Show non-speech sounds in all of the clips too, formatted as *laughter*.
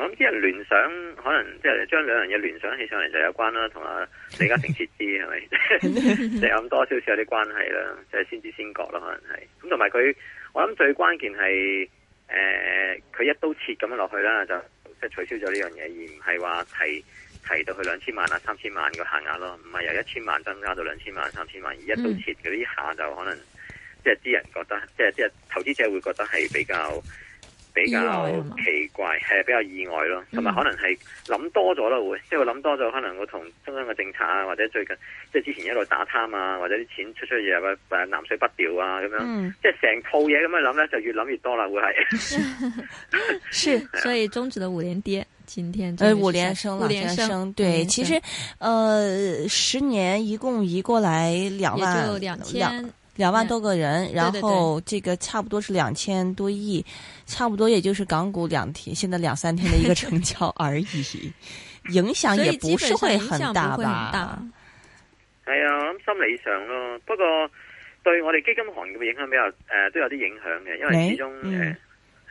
我諗啲人聯想，可能即係將兩樣嘢聯想起上嚟就有關啦，同阿李嘉誠撤資係咪？即係諗多少少有啲關係啦，就係先知先覺咯，可能係。咁同埋佢，我諗最關鍵係誒，佢、呃、一刀切咁樣落去啦，就即係取消咗呢樣嘢，而唔係話提提到去兩千萬啊、三千萬個限額咯，唔係由一千萬增加到兩千萬、三千萬，而一刀切嗰啲下就可能即係啲人覺得，即係啲投資者會覺得係比較。比較奇怪，係比較意外咯，同埋可能係諗多咗啦、嗯，會即係諗多咗，可能我同中央嘅政策啊，或者最近即係之前一路打貪啊，或者啲錢出出嘢，入誒南水北調啊咁樣，嗯、即係成套嘢咁樣諗咧，就越諗越多啦，會 *laughs* 係是。 *laughs* 是，所以終止咗五連跌，今天就、呃、五連升,升，五連升、嗯對，對，其實，誒、呃、十年一共移過嚟兩萬兩千。兩萬多個人，yeah, 然後這個差不多是兩千多億對對對，差不多也就是港股兩天、現在兩三天的一個成交而已， *laughs* 影響也不是會很大吧？係、嗯、啊，咁心理上咯。不過對我哋基金行業嘅影響比較誒、呃，都有啲影響嘅，因為始終誒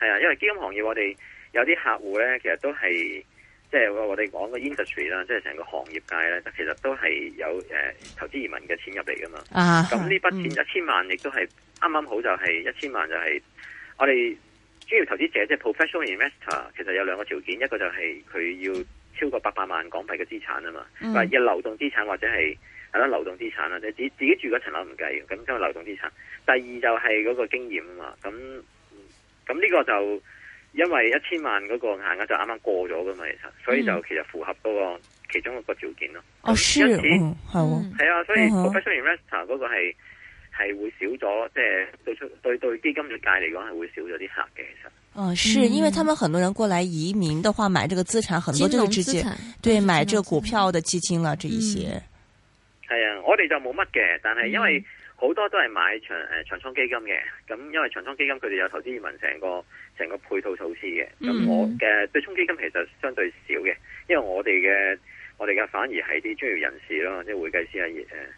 係啊，因為基金行業我哋有啲客戶咧，其實都係。即、就、係、是、我哋講個 industry 啦，即係成個行業界咧，其實都係有誒、呃、投資移民嘅錢入嚟噶嘛。咁呢筆錢一千、嗯、萬，亦都係啱啱好就係一千萬就係、是、我哋專業投資者即係、就是、professional investor，其實有兩個條件，一個就係佢要超過八百萬港幣嘅資產啊嘛，唔、嗯、要流動資產或者係係啦流動資產啦，即自己自己住嗰層樓唔計咁都係流動資產。第二就係嗰個經驗啊嘛，咁咁呢個就。因為一千萬嗰個限額就啱啱過咗噶嘛，其實，所以就其實符合嗰個其中一個條件咯、嗯。哦，是，係係、嗯、啊，所以雖然 Professional Investor 嗰個係係、嗯、會少咗，即、就、係、是、對對對基金界嚟講係會少咗啲客嘅，其實。哦、嗯啊，是，因為他們很多人過來移民的話，買這個資產，很多就是直接金融資產對買這個股票的基金啦，這一些。係、嗯、啊，我哋就冇乜嘅，但係因為、嗯。好多都係買長誒、呃、長倉基金嘅，咁因為長倉基金佢哋有投資移民成個成個配套措施嘅。咁我嘅對沖基金其實相對少嘅，因為我哋嘅我哋嘅反而係啲專業人士咯，即係會計師啊，誒，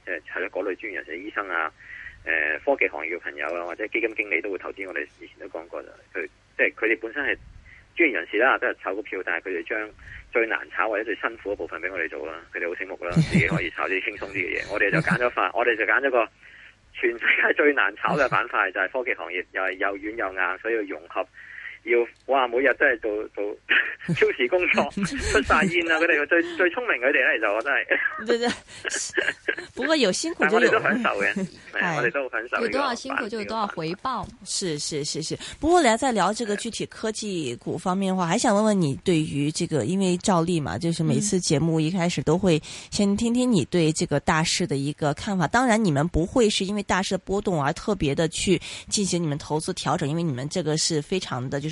即係係咯嗰類專業人士，呃就是、人士醫生啊，誒、呃，科技行業嘅朋友啊，或者基金經理都會投資。我哋以前都講過啦，佢即係佢哋本身係專業人士啦，都係炒股票，但係佢哋將最難炒或者最辛苦嘅部分俾我哋做啦，佢哋好醒目啦，自己可以炒啲輕鬆啲嘅嘢。 *laughs* 我哋就揀咗法，我哋就揀咗個。全世界最難炒嘅板塊就係科技行業，又係又軟又硬，所以要融合。要哇！每日真係做做超時工作，出晒煙啊！佢哋最最聰明，佢哋咧就我真係。不過有辛苦就有。都很少嘅，我哋都很少。有多少辛苦就有多少回報。是是是是。不過來再聊這個具體科技股方面的話，還想問問你對於這個，因為照例嘛，就是每次節目一開始都會先聽聽你對這個大市的一個看法。當然，你們不會是因為大市的波動而特別的去進行你們投資調整，因為你們這個是非常的就是。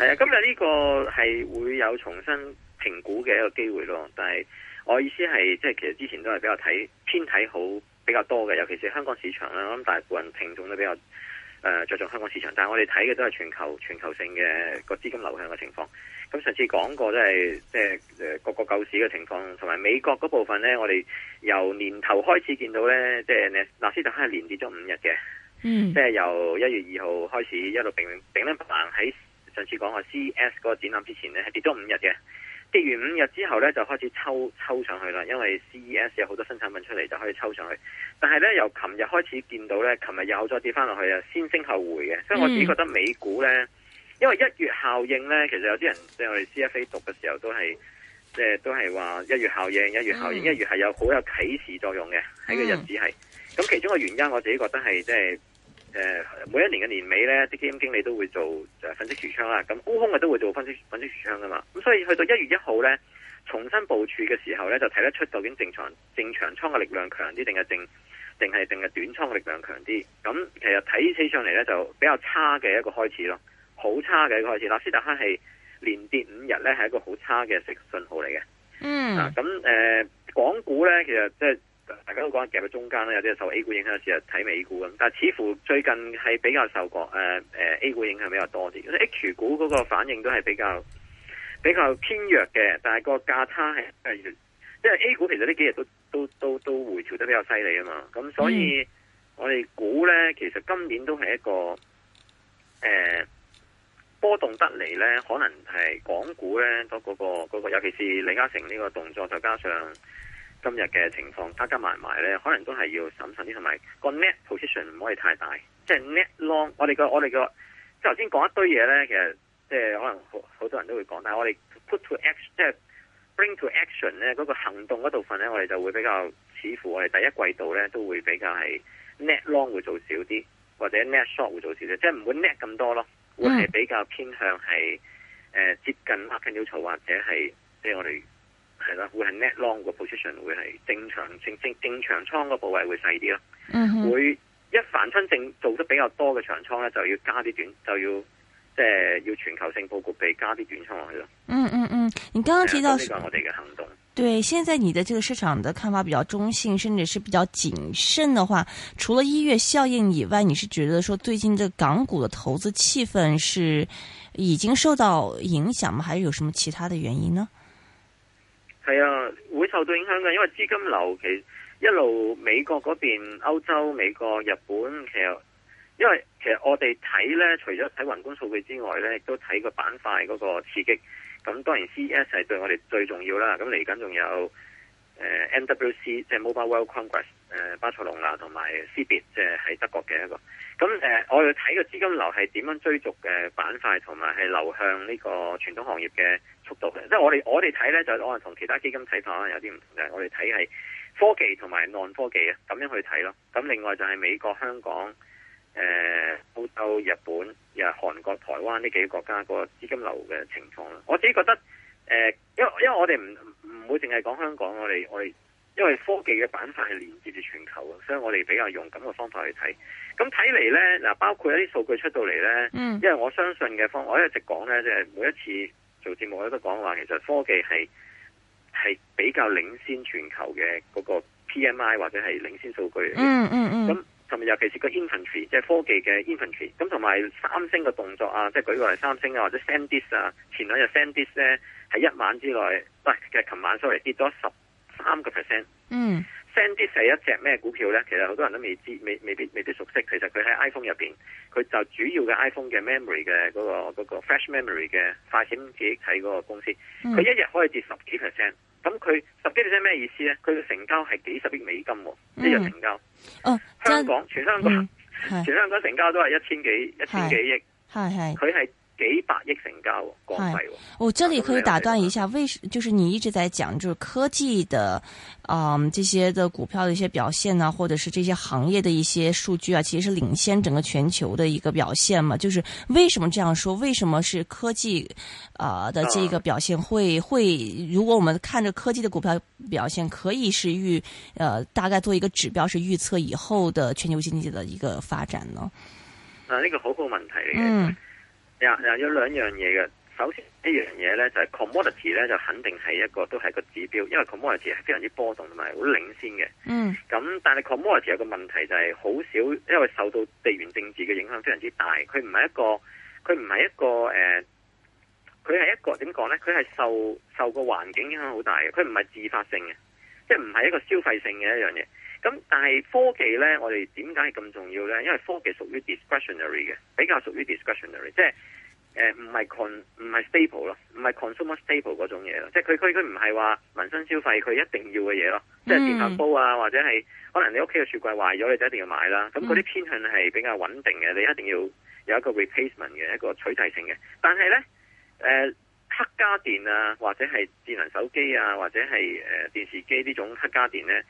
係啊，今日呢個係會有重新評估嘅一個機會咯。但係我意思係，即係其實之前都係比較睇偏睇好，比較多嘅，尤其是香港市場啦。我諗大部分人聽眾都比較誒着、呃、重香港市場，但係我哋睇嘅都係全球全球性嘅個資金流向嘅情況。咁上次講過都係即係誒各個救市嘅情況，同埋美國嗰部分呢，我哋由年頭開始見到呢，即係呢納斯達克係連跌咗五日嘅，即係由一月二號開始一路平平不喺。病上次講過 CES 嗰個展覽之前呢，係跌咗五日嘅，跌完五日之後呢，就開始抽抽上去啦，因為 CES 有好多新產品出嚟就可以抽上去。但係呢，由琴日開始見到呢，琴日又再跌翻落去啊，先升後回嘅。所以我自己覺得美股呢，因為一月效應呢，其實有啲人即係、就是、我哋 CFA 讀嘅時候都係，即係都係話一月效應、一月效應、一月係有好有啟示作用嘅，喺個日子係。咁其中嘅原因我自己覺得係即係。就是誒，每一年嘅年尾咧，啲基金經理都會做誒分析持倉啦。咁沽空嘅都會做分析分析持倉㗎噶嘛。咁所以去到一月一號咧，重新部署嘅時候咧，就睇得出究竟正常正長倉嘅力量強啲，定係正定係定係短倉嘅力量強啲。咁其實睇起上嚟，咧，就比較差嘅一個開始咯，好差嘅一個開始。納斯達克係連跌五日咧，係一個好差嘅食信號嚟嘅。嗯。咁誒，港股咧，其實即係。大家都講夾到中間啦，有啲係受 A 股影響嘅時日睇美股咁，但係似乎最近係比較受國誒誒 A 股影響比較多啲，H 股嗰個反應都係比較比較偏弱嘅，但係個價差係係、uh, 因為 A 股其實呢幾日都都都都回調得比較犀利啊嘛，咁所以我哋估咧，其實今年都係一個誒、uh, 波動得嚟咧，可能係港股咧多嗰個嗰個，尤其是李嘉誠呢個動作，就加上。今日嘅情況加加埋埋咧，可能都係要審慎啲，同埋個 net position 唔可以太大。即係 net long，我哋個我哋個即係頭先講一堆嘢咧，其實即係可能好好多人都會講，但係我哋 put to action，即係 bring to action 咧嗰個行動嗰部分咧，我哋就會比較似乎我哋第一季度咧都會比較係 net long 會做少啲，或者 net short 會做少啲，即係唔會 net 咁多咯，會係比較偏向係、呃、接近 market 槽或者係即係我哋。係啦，會係 net long 個 position 會係正常正正正常倉個部位會細啲咯，會一反春正做得比較多嘅長倉咧，就要加啲短，就要即係、呃、要全球性佈局，俾加啲短倉落去咯。嗯嗯嗯，你剛剛提到是、這個、是我哋嘅行動，對，現在你的這個市場嘅看法比較中性，甚至是比較謹慎嘅話，除咗一月效應以外，你是覺得說最近嘅港股嘅投資氣氛是已經受到影響嗎？還是有什麼其他的原因呢？係啊，會受到影響嘅，因為資金流其實一路美國嗰邊、歐洲、美國、日本，其實因為其實我哋睇咧，除咗睇宏觀數據之外咧，亦都睇個板塊嗰個刺激。咁當然，CES 係對我哋最重要啦。咁嚟緊仲有誒 MWC 即係 Mobile World Congress。誒，巴塞隆拿同埋 c b 即係喺德國嘅一個，咁誒，我要睇個資金流係點樣追逐嘅板塊，同埋係流向呢個傳統行業嘅速度嘅，即係我哋我哋睇咧，就可能同其他基金睇法可能有啲唔同嘅，我哋睇係科技同埋按科技啊，咁樣去睇咯。咁另外就係美國、香港、誒、呃、澳洲、日本、又係韓國、台灣呢幾個國家個資金流嘅情況。我自己覺得，誒、呃，因為因為我哋唔唔會淨係講香港，我哋我哋。因為科技嘅板塊係連接住全球嘅，所以我哋比較用咁嘅方法去睇。咁睇嚟呢，嗱包括一啲數據出到嚟呢、嗯，因為我相信嘅方法，我一直講呢，即係每一次做節目咧都講話，其實科技係係比較領先全球嘅嗰個 P M I 或者係領先數據。嗯嗯咁同埋尤其是個 infantry，即係科技嘅 infantry。咁同埋三星嘅動作啊，即係舉個例，三星啊或者 SanDisk 啊，前兩日 SanDisk 呢，係一晚之內，喂、啊，其實，琴晚 sorry 跌咗十。三個 percent，嗯，Send 啲係一隻咩股票咧？其實好多人都未知，未未必未必熟悉。其實佢喺 iPhone 入邊，佢就主要嘅 iPhone 嘅 memory 嘅嗰、嗰個、嗰個 flash memory 嘅快展者喺嗰個公司，佢、嗯、一日可以跌十幾 percent。咁佢十幾 percent 咩意思咧？佢嘅成交係幾十億美金、嗯，一日成交。哦、啊，香港、嗯、全香港、嗯，全香港成交都係一千幾，一千幾億，係係，佢係。幾百億成交，過、哎、季。我這裏可以打斷一下，為什？就是你一直在講，就是科技的，嗯、呃，這些的股票的一些表現啊，或者是這些行業的一些數據啊，其實是領先整個全球的一個表現嘛？就是為什麼這樣說？為什麼是科技啊、呃、的這個表現會會？如果我們看着科技的股票表現，可以是預，呃，大概做一個指標，是預測以後的全球經濟的一個發展呢？啊，呢、這個好好問題嚟嘅。嗯 Yeah, yeah, 有兩樣嘢嘅。首先一樣嘢呢，就係 commodity 呢，就肯定係一個都係個指標，因為 commodity 係非常之波動同埋好領先嘅。嗯。咁，但係 commodity 有個問題就係好少，因為受到地緣政治嘅影響非常之大。佢唔係一個，佢唔係一個誒，佢、呃、係一個點講呢？佢係受受個環境影響好大嘅。佢唔係自發性嘅，即係唔係一個消費性嘅一樣嘢。咁但係科技咧，我哋點解係咁重要咧？因為科技屬於 discretionary 嘅，比較屬於 discretionary，即係誒唔係 con 唔係 stable 咯，唔係 consumer stable 嗰種嘢咯。即係佢佢佢唔係話民生消費佢一定要嘅嘢咯，即係電飯煲啊，或者係可能你屋企嘅雪櫃壞咗，你就一定要買啦。咁嗰啲偏向係比較穩定嘅，你一定要有一個 replacement 嘅一個取替性嘅。但係咧，誒、呃、黑家電啊或者係智能手機啊或者係誒電視機呢種黑家電咧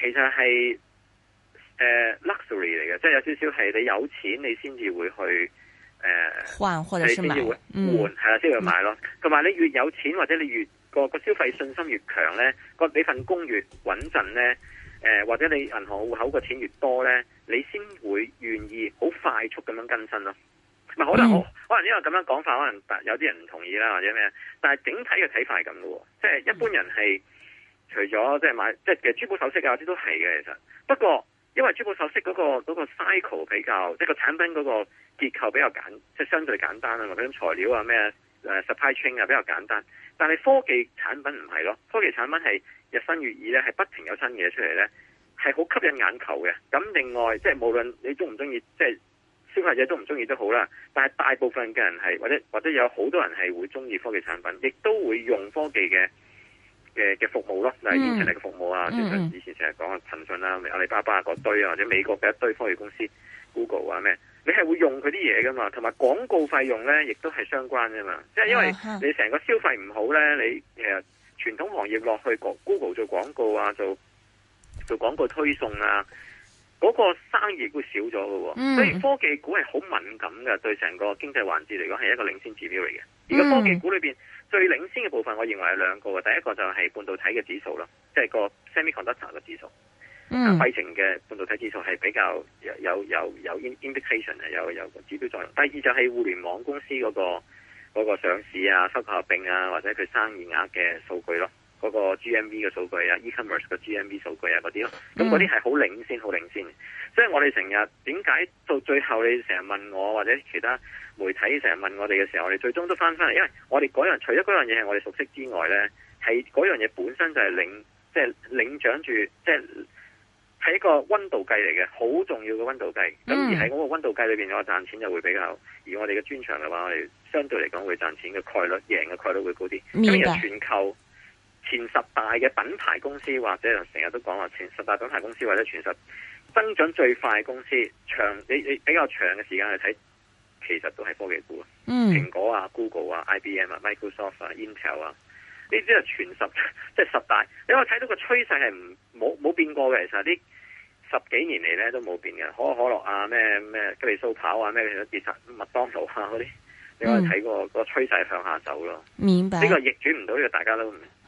其實係誒、呃、luxury 嚟嘅，即係有點少少係你有錢你先至會去誒、呃、換，或者是買會換係啦，先、嗯、去買咯。同埋你越有錢或者你越個個消費信心越強咧，個你份工越穩陣咧，誒、呃、或者你銀行戶口嘅錢越多咧，你先會願意好快速咁樣更新咯。唔可能、嗯，可能因為咁樣講法，可能有啲人唔同意啦，或者咩？但係整體嘅睇法係咁嘅，即係一般人係。嗯除咗即係買，即係其實珠寶首飾啊，啲都係嘅其實。其實不過因為珠寶首飾嗰個嗰個 cycle 比較，即係個產品嗰個結構比較簡，即係相對簡單啊，或者材料啊咩誒 supply chain 啊比較簡單。但係科技產品唔係咯，科技產品係日新月異咧，係不停有新嘢出嚟咧，係好吸引眼球嘅。咁另外即係無論你中唔中意，即係消費者中唔中意都好啦。但係大部分嘅人係，或者或者有好多人係會中意科技產品，亦都會用科技嘅。嘅嘅服務咯，嗱，現成你嘅服務啊、嗯嗯，以前成日講啊，騰訊啦、阿里巴巴嗰堆啊，或者美國嘅一堆科技公司，Google 啊咩，你係會用佢啲嘢噶嘛？同埋廣告費用咧，亦都係相關噶嘛。即、就、係、是、因為你成個消費唔好咧，你其實傳、呃、統行業落去 Google 做廣告啊，做做廣告推送啊，嗰、那個生意會少咗噶、嗯。所以科技股係好敏感噶，對成個經濟環節嚟講係一個領先指標嚟嘅。而家科技股裏邊。嗯最領先嘅部分，我認為有兩個嘅。第一個就係半導體嘅指數咯，即係個 semi-conductor 嘅指數。嗯，費城嘅半導體指數係比較有有有有 indication 啊，有有，有，有個指標作用。第二就係互聯網公司嗰個嗰個上市啊、收購合併啊，或者佢生意額嘅數據咯。嗰、那個 GMV 嘅數據啊，e-commerce 嘅 GMV 數據啊，嗰啲咯，咁嗰啲係好領先，好、嗯、領先。所以我哋成日點解到最後，你成日問我或者其他媒體成日問我哋嘅時候，我哋最終都返返嚟，因為我哋嗰樣除咗嗰樣嘢係我哋熟悉之外咧，係嗰樣嘢本身就係領，即、就、係、是、領獎住，即係係一個溫度計嚟嘅，好重要嘅溫度計。咁、嗯、而喺嗰個溫度計裏面，我賺錢就會比較。而我哋嘅專長嘅話，我哋相對嚟講會賺錢嘅概率，贏嘅概率會高啲。咁又串購。前十大嘅品牌公司，或者成日都講話前十大品牌公司，或者全十增長最快嘅公司，長你你比較長嘅時間去睇，其實都係科技股啊，嗯、蘋果啊、Google 啊、IBM 啊、Microsoft 啊、Intel 啊，呢啲係全十即係十大。你可以睇到個趨勢係唔冇冇變過嘅，其實啲十幾年嚟咧都冇變嘅。可口可樂啊，咩咩吉利蘇跑啊，咩其實麥當勞啊嗰啲，你可以睇過個趨勢向下走咯。明白。呢個逆轉唔到，呢個大家都唔。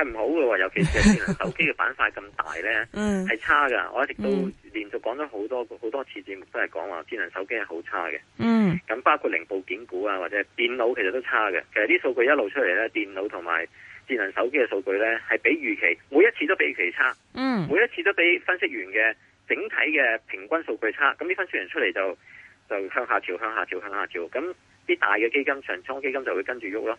係唔好嘅，尤其是智能手機嘅板塊咁大呢，係 *laughs* 差噶。我一直都連續講咗好多好多次節目都是講，都係講話智能手機係好差嘅。咁 *laughs* 包括零部件股啊，或者電腦其實都差嘅。其實啲數據一路出嚟呢，電腦同埋智能手機嘅數據呢，係比預期，每一次都比預期差。 *laughs* 每一次都比分析員嘅整體嘅平均數據差。咁啲分析員出嚟就就向下調，向下調，向下調。咁啲大嘅基金、長倉基金就會跟住喐咯。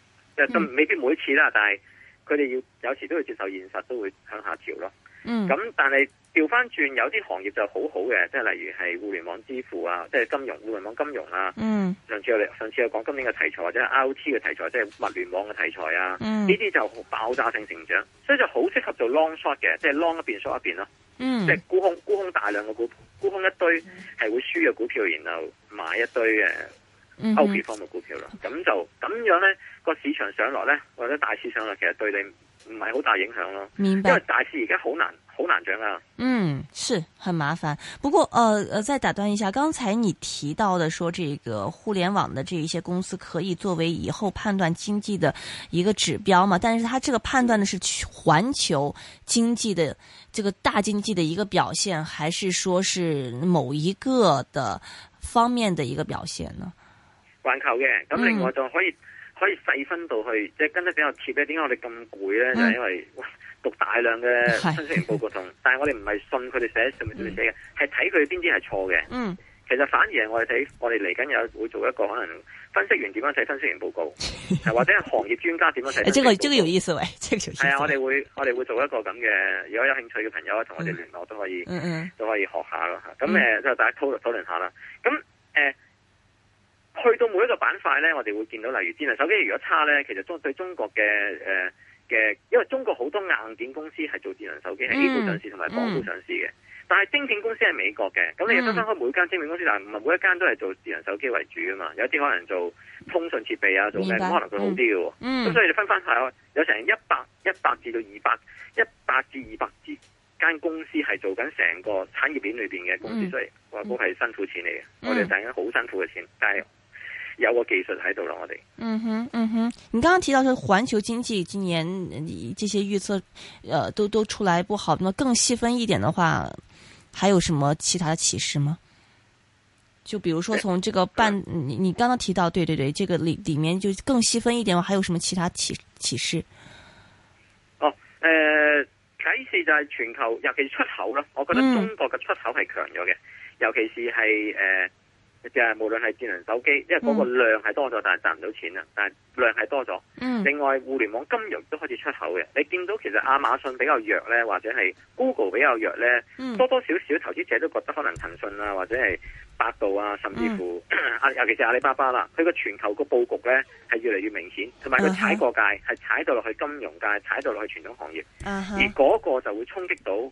未 *laughs* 必每一次啦，但係。佢哋要有時都會接受現實，都會向下調咯。嗯，咁但係調翻轉，有啲行業就好好嘅，即係例如係互聯網支付啊，即係金融、互聯網金融啊。嗯，上次我哋上次有講今年嘅題材或者 IoT 嘅題材，即係物聯網嘅題材啊。嗯，呢啲就爆炸性成長，所以就好適合做 long short 嘅，即係 long 一邊 short 一邊咯。嗯，即係沽空沽空大量嘅股，沽空一堆係會輸嘅股票，然後買一堆歐幾方嘅股票啦，咁、嗯、就咁樣咧，個市場上落咧或者大市上落，其實對你唔係好大影響咯。明白。因為大市而家好難，好難漲啊。嗯，是很麻煩。不過，呃，呃，再打斷一下，剛才你提到的說，這個互聯網的這一些公司可以作為以後判斷經濟的一個指標嘛？但是，它這個判斷的是環球經濟的這個大經濟的一個表現，還是說是某一個的方面的一個表現呢？環球嘅，咁另外就可以、嗯、可以細分到去，即、就、係、是、跟得比較貼咧。點解我哋咁攰咧？就係、是、因為哇，讀大量嘅分析員報告同，但係我哋唔係信佢哋寫上面寫嘅，係睇佢邊啲係錯嘅。嗯，其實反而係我哋睇，我哋嚟緊有會做一個可能分析員點樣睇分析員報告，嗯、或者係行業專家點樣睇。誒、 *laughs* 呃，即係即係有意思喂，係 *laughs* 啊，我哋會我哋會做一個咁嘅，如果有興趣嘅朋友同我哋聯絡可、嗯、都可以、嗯，都可以學下咯吓。咁誒，呃嗯、大家討論討論下啦。咁誒。呃去到每一個板塊呢，我哋會見到，例如智能手機如果差呢，其實中對中國嘅誒嘅，因為中國好多硬件公司係做智能手機喺 A 股上市同埋港股上市嘅，但係晶片公司係美國嘅，咁你分分開每間晶片公司，但係唔係每一間都係做智能手機為主啊嘛，有啲可能做通訊設備啊，做咩可能佢好啲嘅喎，咁、嗯嗯、所以你分分下，有成一百一百至到二百一百至二百之間公司係做緊成個產業鏈裏邊嘅公司，嗯、所以話股係辛苦錢嚟嘅、嗯，我哋賺緊好辛苦嘅錢，但係。有個技術喺度啦，我哋嗯哼，嗯哼。你剛剛提到說環球經濟今年這些預測，呃都都出來不好。咁啊，更細分一點的話，還有什麼其他啟示嗎？就比如說從這個半，你、呃、你剛剛提到，對對對，對，這個裏裏面就更細分一點的話，我還有什麼其他啟啟示？哦，誒、呃，啟示就係全球尤其是出口咯。我覺得中國嘅出口係強咗嘅、嗯，尤其是係誒。呃就係無論係智能手機，因為嗰個量係多咗、嗯，但係賺唔到錢啊！但係量係多咗、嗯。另外，互聯網金融都開始出口嘅。你見到其實亞馬遜比較弱呢，或者係 Google 比較弱呢，嗯、多多少少投資者都覺得可能騰訊啊，或者係百度啊，甚至乎、嗯、 *coughs* 尤其係阿里巴巴啦，佢個全球個布局呢，係越嚟越明顯，同埋佢踩過界，係、啊、踩到落去金融界，踩到落去傳統行業，啊、而嗰個就會衝擊到。